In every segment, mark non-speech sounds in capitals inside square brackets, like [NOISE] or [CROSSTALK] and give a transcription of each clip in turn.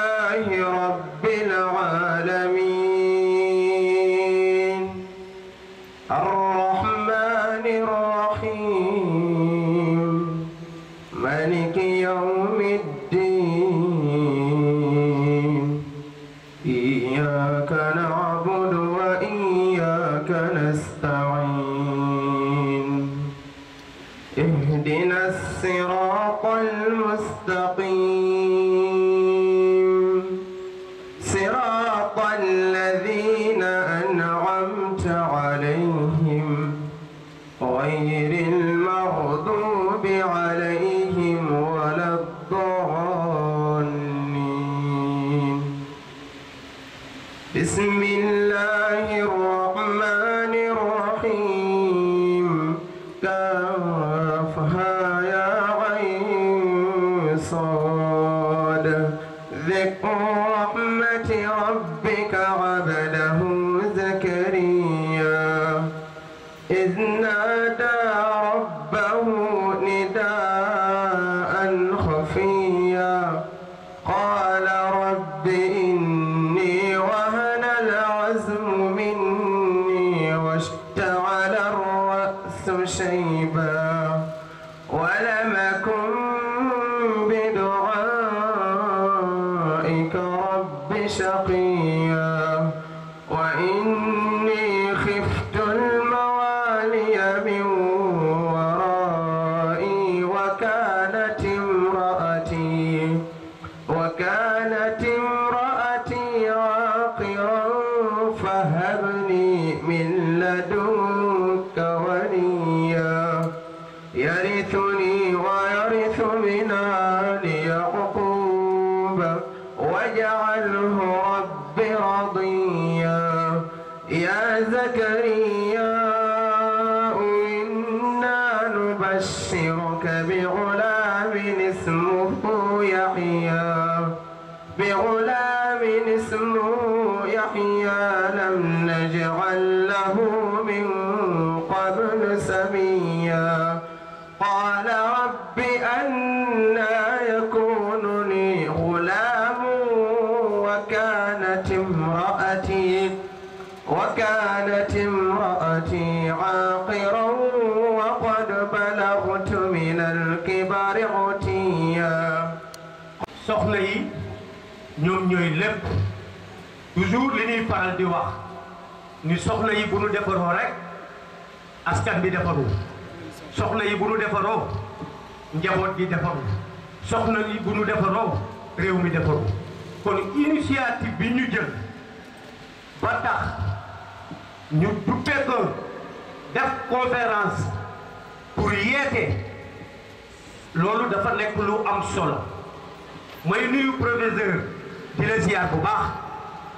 الله رب بسم الله رب شقيا وإن بغلام اسمه يحيى toujours li ñuy faral di wax ni soxna yi bu nu defaroo rek askan bi defaru soxna yi bu nu defaroo njaboot gi defaru soxla yi bu nu defaroo réew mi defaru kon initiative bi ñu jël ba tax ñu duppee def conférence pour yeete loolu dafa nekk lu am solo may nuyu professeur di la ziar bu baax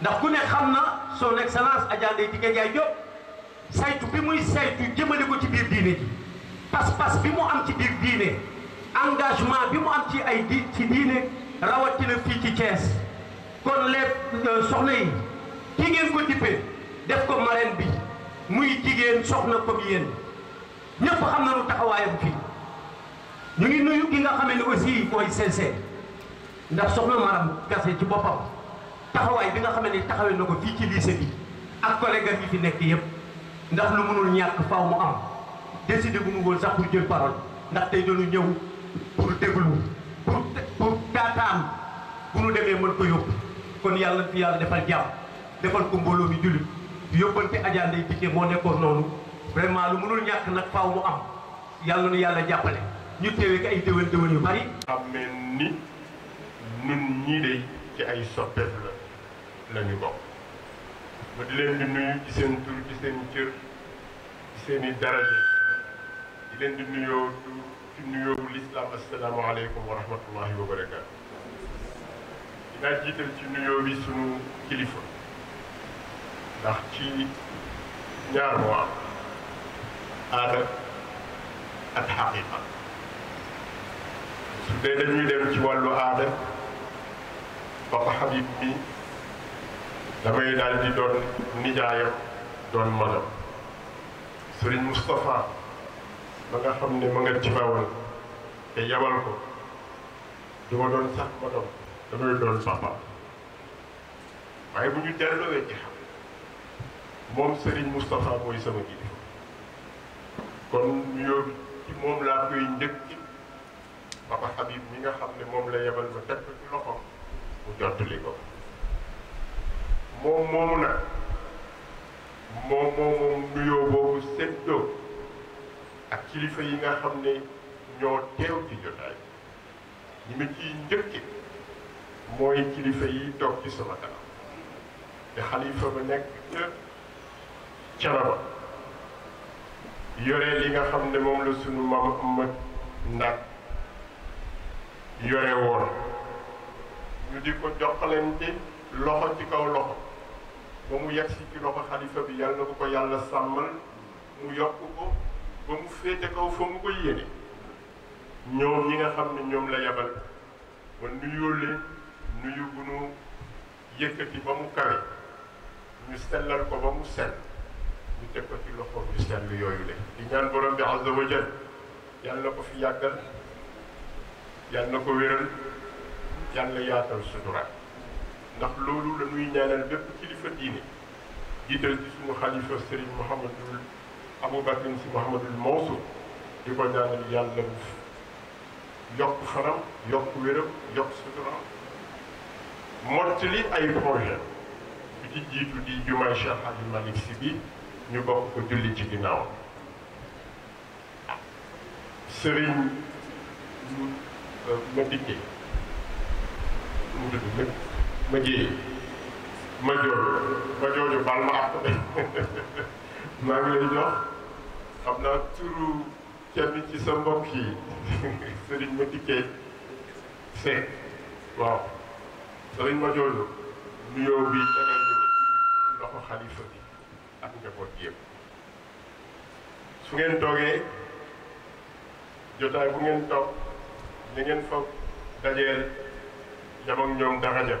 ndax ku ne xam na son excellence Adja Ndeye Tické Ndiaye Diop saytu bi muy saytu jëmale ko ci biir diine ji pas-pas bi mu am ci biir diine engagement bi mu am ci ay di ci diine rawatina fii ci Thiès kon les euh, soxna yi ki ko dippee def ko marraine bi muy jigéen soxna comme yéen ñëpp xam na nu taxawaayam fii ñu ngi nuyu ki nga xamee ne aussi mooy CC ndax soxna maram gase ci boppam taxawaay bi nga xam ni taxawee na ko fii ci lycée bi ak collègue yi fi nekk yëpp ndax lu mënul ñàkk faaw mu am décidé bu mu woon sax pour jël parole ndax tey dañu ñëw pour déglu pour pour taataan bu nu demee mën ko yóbbu kon yàlla fi yàlla defal jàmm defal ko mbooloo bi jullit yóbbante Adja Ndeye Tické moo nekkoon noonu vraiment lu mënul ñàkk nag faaw mu am yàlla nu yàlla jàppale ñu teewee ko ay déwén déwén yu bari. xam ni nun ñii de ci la ñu bokk ma di leen di nuyu ci seen tur ci seen cër ci seen i daraja di leen di nuyoo du ci nuyoobu lislaam asalaamaaleykum wa rahmatullahi wa barakaatu dinaa jiital ci nuyoo bi sunu kilifa ndax ci ñaar moo am aada ak xaqiqa su dee dañuy dem ci wàllu aada papa Habib bi damay daal di doon nijaayam doon magam sëriñ Moustapha ba nga xam ne ma nga ci bawal te yabal ko du ma doon sax ma doon damay doon papa waaye bu ñu delluwee ci xam moom sëriñ Moustapha mooy sama kilifa kon nuyoo bi ci moom laa koy njëkk papa Habib mi nga xam ne moom la yabal ba teg ko ci loxoom mu jottali ko. moom moomu nag moom moom nuyoo boobu séddoo ak kilifa yi nga xam ne ñoo teew ci jotaay ñi ma ciy njëkki mooy kilifa yi toog ci sama te xalifa ba nekk ca Canaba yore li nga xam ne moom la sunu maam Ahmad Ndak yore woon ñu di ko joxalante loxo ci kaw loxo ba mu yegg si ci loxo xalifa bi yàlla bu ko yàlla sàmmal mu yokk ko ba mu féete kaw fa mu ko yéene ñoom ñi nga xam ne ñoom la yabal ba nuyoo leen nuyu bu nu yëkkati ba mu kawe ñu sellal ko ba mu sell ñu teg ko ci loxo ñu sell yooyu le di ñaan borom bi azza wa jal yàlla ko fi yàggal yàlla ko wéral yàlla yaatal suturaat ndax loolu la ñuy ñaanal bépp kilifa diine jiital ci suñu xalifa sëriñ mohamadul abou bakrin si mohamadul Mansour di ko ñaanal yàlla yokk fanam yokk wéram yokk sutura mottali ay projet bi ci jiitu di jumay Cheikh Hadji malik si bi ñu bokk ko julli ci ginnaaw sëriñ ma dikkee mu tudd lépp ma ji ma jooju ma jooju bal ma ak [LAUGHS] maa ngi lay jox xam naa turu kenn ci sa mbokk yi sëriñ [LAUGHS] ma dikkee seek waaw sëriñ ma jooju nuyoo bi tegal ñu ko ci loxo xalifa bi ak njaboot yëpp su ngeen toogee jotaay bu ngeen toog li ngeen fa dajeel yam ak dara jëm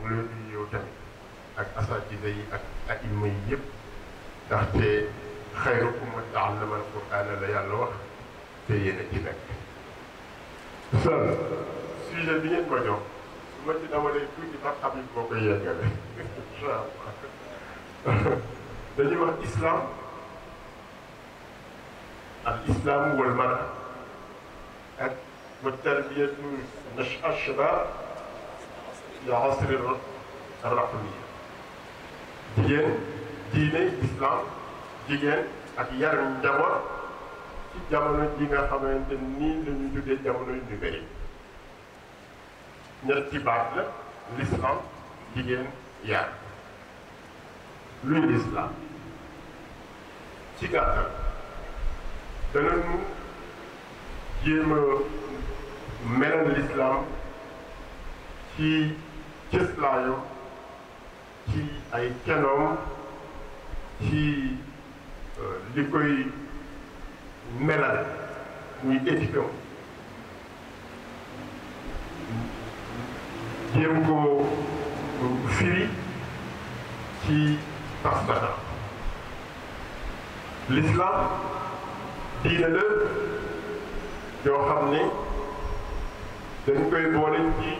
mu leen di yow tamit ak asatida yi ak aima yi yëpp ndaxte xayrukum man taallama alquraan la yàlla wax te yéen a ci nekk. sal sujet bi ngeen ma jox su ma ci dawalee tuuti ba xam it moo koy yeggale incha allah dañuy wax islam al islam wal mara ak wa tarbiyatu nasha al shabab yoxasri raqmiya jigéen diine islam jigéen ak yar njaboot ci jamono ji nga xamante nii la ñu tuddee jamono yu ndugay ñetti baat la l'islam jigéen yar luy l'islam ci gàttal danañu jéem a melal l'islam ci cëslaayu ci ay kenoom ci euh, li koy melal muy étiquetam jéem ko firi ci pas-pasam l'islam diine la yoo xam ne dañ koy boole ci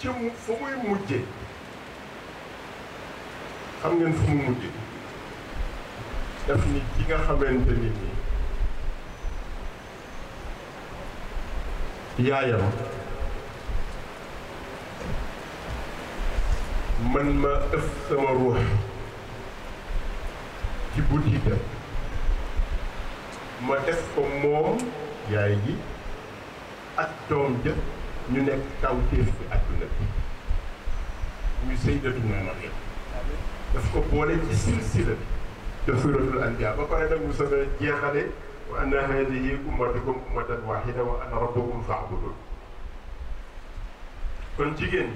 ci mu fu muy mujje xam ngeen fu mu mujje daf ni ki nga xamante nit ñi yaayam man ma ëf sama ruux ci butiitam ma def ko moom yaay ji ak doom jëf ñu nekk kawteef bi àdduna bi muy Sayyidatuna Maryam daf ko boole ci silsila bi daf suratul anbiya ba pare nag mu soog a jeexale wa anna hadihi ummatukum ummatan wahida wa ana rabbukum fa'budun kon jigéen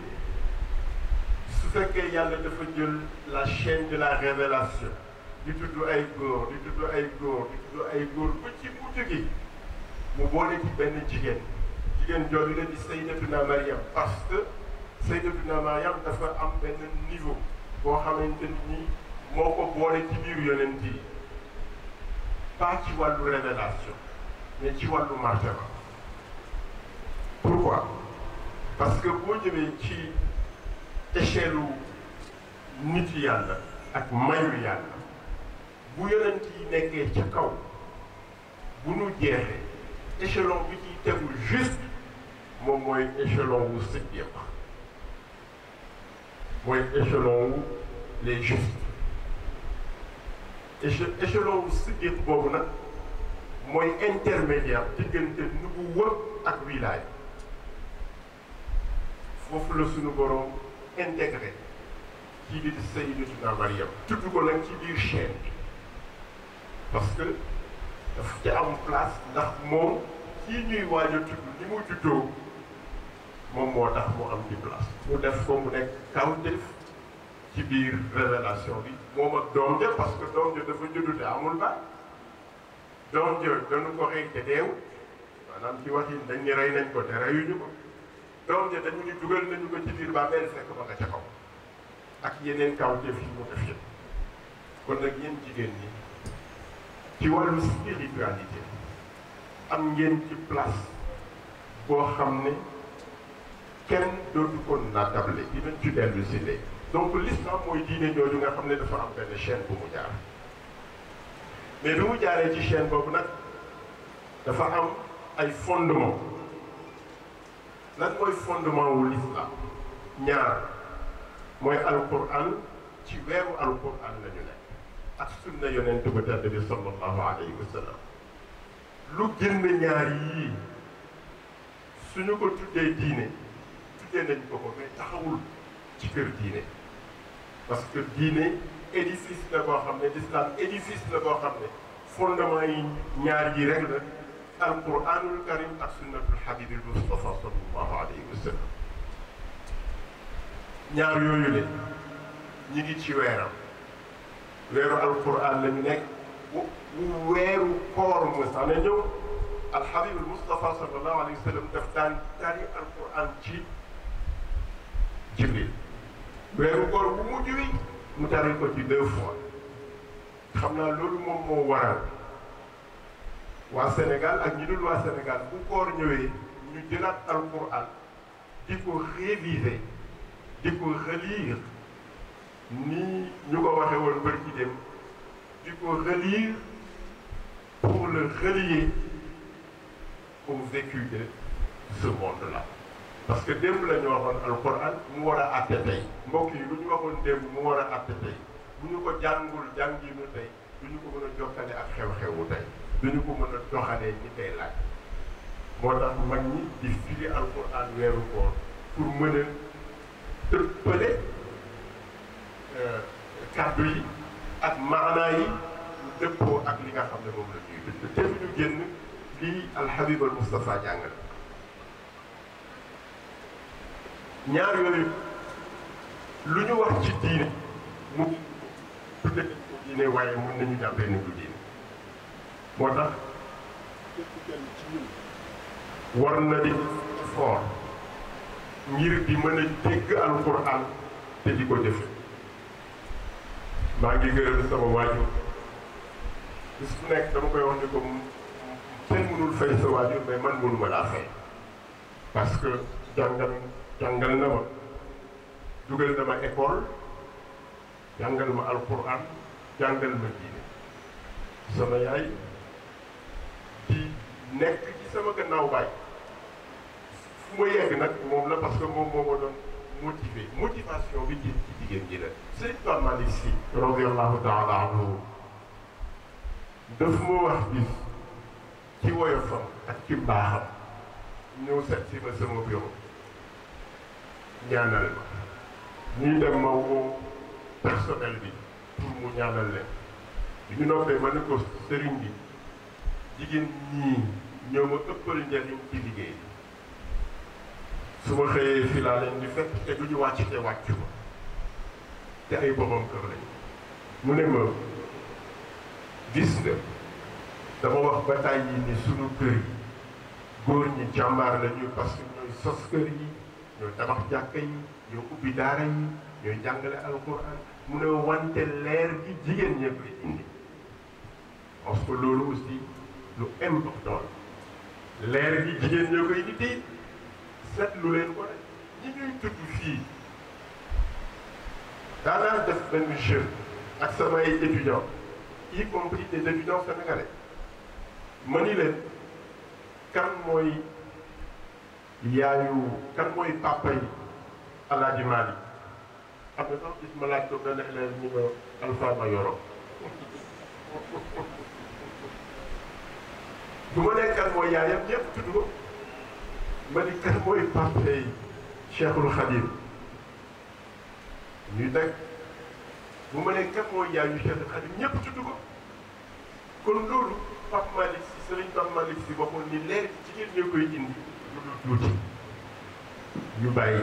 su fekkee yàlla dafa jël la chaîne de la révélation di tudd ay góor di tudd ay góor di tudd ay góor ba ci mujj gi mu boole ci benn jigéen jigéen jooju la di Sayyidatuna Mariam parce que Sayyidatuna Mariam dafa am benn niveau boo xamante ni moo ko boole ci biir yonent yi pas ci wàllu révélation mais ci wàllu martaba pourquoi parce que boo ñëwee ci échelle nit yàlla ak mayu yàlla bu yonent yi nekkee ca kaw bu nu jeexee échelon bi ci tegu juste suis un échelon Je suis un échelon wu les justes échelon Moi intermédiaire diggante qui ak la suñu nouveau intégré kii di Tout ko monde ci qui chaîne parce que en place dans le monde qui voit pas tudd ni du moom moo tax mu am di place mu def ko mu nekk kawtéef ci biir révélation bi moom ak doom parce que doom dafa juddu te amul baay doom ja dañu ko rey te deewul maanaam ci wax yi rey nañ ko te reyuñu ko doom ja dañu ni dugal nañu ko ci biir bàmmeel fekk ba nga ca kaw ak yeneen kawtéef yi mu def yëpp kon nag yéen jigéen ñi ci wàllu spiritualité am ngeen ci place boo xam ne kenn dootu ko naatable dinañ ci dellu si léegi donc l'islam mooy diine jooju nga xam ne dafa am benn chaîne bu mu jaar mais bi mu jaaree ci chaîne boobu nag dafa am ay fondement lan mooy fondement wu l'islam ñaar mooy alquran ci weeru alquran la ñu nekk ak sunna yonent bu tedd bi sallallahu alayhi wa sallam lu ñaar yii suñu ko tuddee diine diggee nañ ko ko mais taxawul ci kër diine parce que diine édifice la boo xam ne l'islam édifice la boo xam ne fondement yi ñaar yi rek la alquranul karim ak sunnatul habibil mustafa sallallahu alayhi wa sallam ñaar yooyu le ñi ngi ci weeram weeru alquran la ñu nekk bu weeru koor mësana ñëw alhabibul mustafa sallallahu alayhi wa sallam daf daan tari alquran ci mais encore koor bu mujj wi ko ci deux fois xam naa loolu moom waral waa Sénégal ak ñi Sénégal bu koor ñëwee ñu jëlaat alquran di réviser di relire ni nous avons woon relire pour le relier au vécu de ce monde-là parce que démb la ñu waxoon alquran mu war a àtte tey mbokk lu ñu waxoon démb mu war a àtte tey bu ñu ko jàngul jàngiinu tey du ko mën a jokkale ak xew-xewu tey du ñu ko mën a doxalee ñi tey laaj moo tax mag ñi di firi alquran weeru koor pour mën a euh, kàddu yi ak maanaa yi dëppoo ak li nga xam ne moom la ñuy bind te ñu génn lii alxabib al Mustafa jàngale ñaar yooyu lu ñu wax ci diine mu tudde ko diine waaye mën nañu jàppee ni du diine moo tax képp kenn ci ñun war na di foor ngir di mën a dégg alxuraan te di ko jëfe maa ngi gërëm sama waajur bis nekk dama koy wax ni ko kenn mënul fay sa waajur mais man mënuma laa fay parce que jàngal jangal na ma dugal na ma école jangal ma alquran jangal ma diine sama yaay di nekk ci sama gannaaw baay fu ma yegg nag moom la parce que moom moo ma doon motivé motivation bi jëm ci jigéen ji la sëñ Pape Malick Sy radiallahu taala anhu daf ma wax bis ci woyofam ak ci mbaaxam ñëw seet si ma sama bureau ñaanal ma ñuy dem ma woo personnel bi pour mu ñaanal leen bi ma ne ko sëriñ bi jigéen ñii ñoo ma ëppal njariñ ci liggéey su ma xëyee fi laa leen di fekk te du wàcc te wàccu ma te ay borom kër lañ mu ne ma gis nga dama wax ba tàyyi ni sunu kër góor ñi jàmbaar lañu parce que sos kër yi ñoo tabax jàkka yi ñoo ubbi daara yi ñoo jàngale alquran mu ne wante leer gi jigéen ñëpp indi parce que loolu aussi lu important leer gi jigéen ñoo koy indi tey seetlu leen ko rek ñi ñuy tudd fii daanaa def benn jeu ak samay étudiant y compris des étudiants sénégalais ma ni leen kan mooy yaayu kan mooy papa yi alaaji Maalik am na sax gis ma laaj ko benn élève ñu ko Alpha Mayoro [LAUGHS] du ma ne kan mooy yaayam ñëpp tudd ko ma ni kan mooy papa yi Cheikhul Khadim ñu bu ma ne kan mooy yaayu Cheikhul Khadim ñëpp tudd ko kon loolu Pape Malick si Serigne Pape Malick si waxoon ni leer jigéen ñoo koy indi lu dul tuuti ñu bàyyi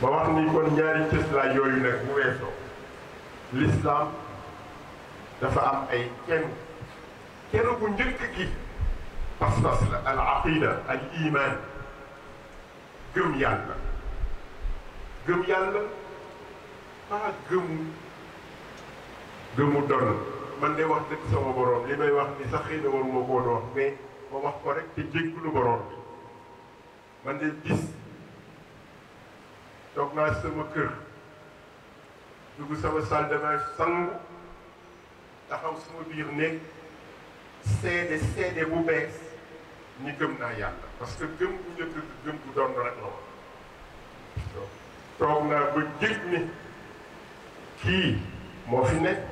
ba wax ni kon ñaari cëslaay yooyu nag bu weesoo lislaam dafa am ay kenn kenn bu njëkk gi pas-pas la al aqida al iman gëm yàlla gëm yàlla ah gëmu gëmu doon man de wax dëgg sama borom li may wax ni sax xëy na waruma ko woon wax mais ma wax ko rek te jéggulu borom bi man de bis toog naa sama kër dugg sama salle de bain sang taxaw sama biir néeg seede seede bu bees ni gëm naa yàlla parce que gëm bu njëkk gëm bu doon rek la woon toog naa ba jég ni kii moo fi nekk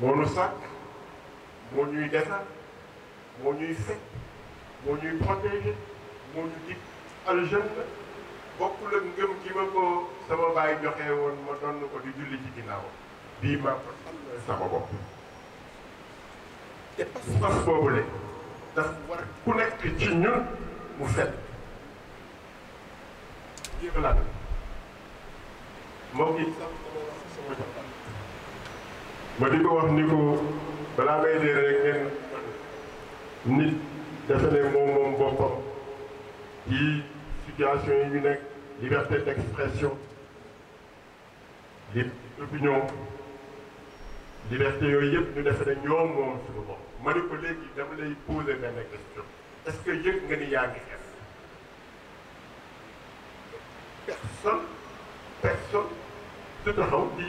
moo nu sàkk moo ñuy defar moo ñuy fekk moo ñuy protéger moo ñu dig aljanna bokkul ak ngëm gi ko sama baay joxe woon ma donn ko di julli ci ginnaaw bii maa ko sama bopp te pas-pas boobule daf war ku nekk ci ñun mu fet yëpp laa mbokk yi ma di wax ni ko balaa may dee rek ngeen nit defe ne moom moom boppam ci situation yi ñu nekk liberté d'expression li opinion liberté yooyu yëpp ñu defe ne ñoom moom suñu bopp ma ni ko léegi dama lay poser benn question est-ce que yëg nga ni yaa ngi xeex personne personne su taxaw di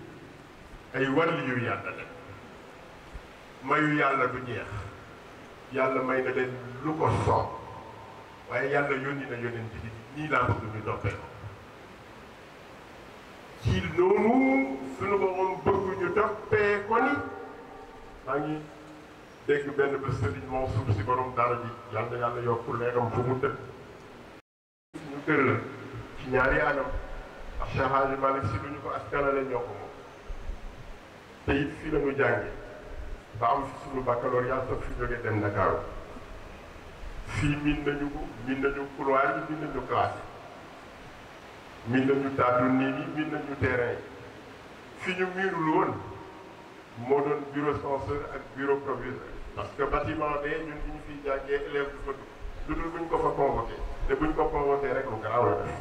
ay wàllu yu yàlla la mayu yàlla du jeex yàlla may na leen lu ko soob waaye yàlla yónni na yónent bi nii laa bëgg ñu toppee ko ci noonu suñu borom bëgg ñu toppee ko ni maa ngi dégg benn bés sëriñ moom suuf si borom dara ji yàlla yàlla yokk leeram fu mu tëdd ñu tër la ci ñaari anam ak Cheikh Hadji Malick si duñu ko askanale ñoo ko moom te it fii la ñu jànge ba am fi suñu baccalauréat fi jógee dem Ndakaaru fii min nañu ko min nañu couloir yi min nañu classe yi min nañu taatu nit min nañu terrain fi ñu miirul woon moo doon bureau censeur ak bureau proviseur parce que bâtiment bee ñun fi ñu fiy jàngee élève du fa dugg lu dul buñ ko te buñ ko convoqué rek lu garaaw la def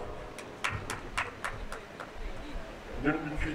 ñun buñ fiy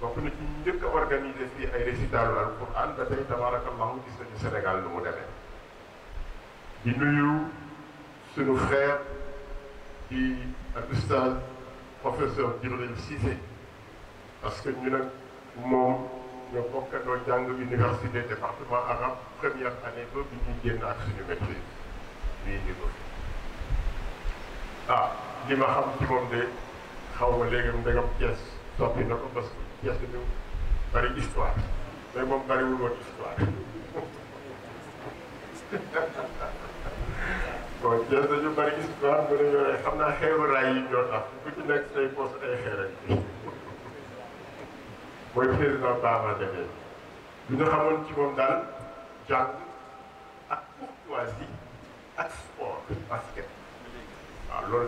bokk na ci njëkk a fii ay récitalu alquran ba tey tabarakallahu gis nañu Sénégal nu mu demee di nuyu suñu frère di ak ustaz professeur Djibril Cissé parce que ñu nag moom ñoo bokkandoo jàng université département arabe première année bi ñuy génn ak suñu maîtrise ñuy indi ko ah, li ma xam ci moom de xaw ma léegi ndegam Thiès soppi na ko parce que Cees dañu bari histoire mais moom bariwul woon histoire bon Cees dañu bari histoire bu ne ñoo xam naa xeeru raay yi ñoo tax ku ci nekk say poos ay xeer ak mooy président Baaba Deme bi ñu xamoon ci moom daal jàng ak courtoisie ak sport basket waaw loolu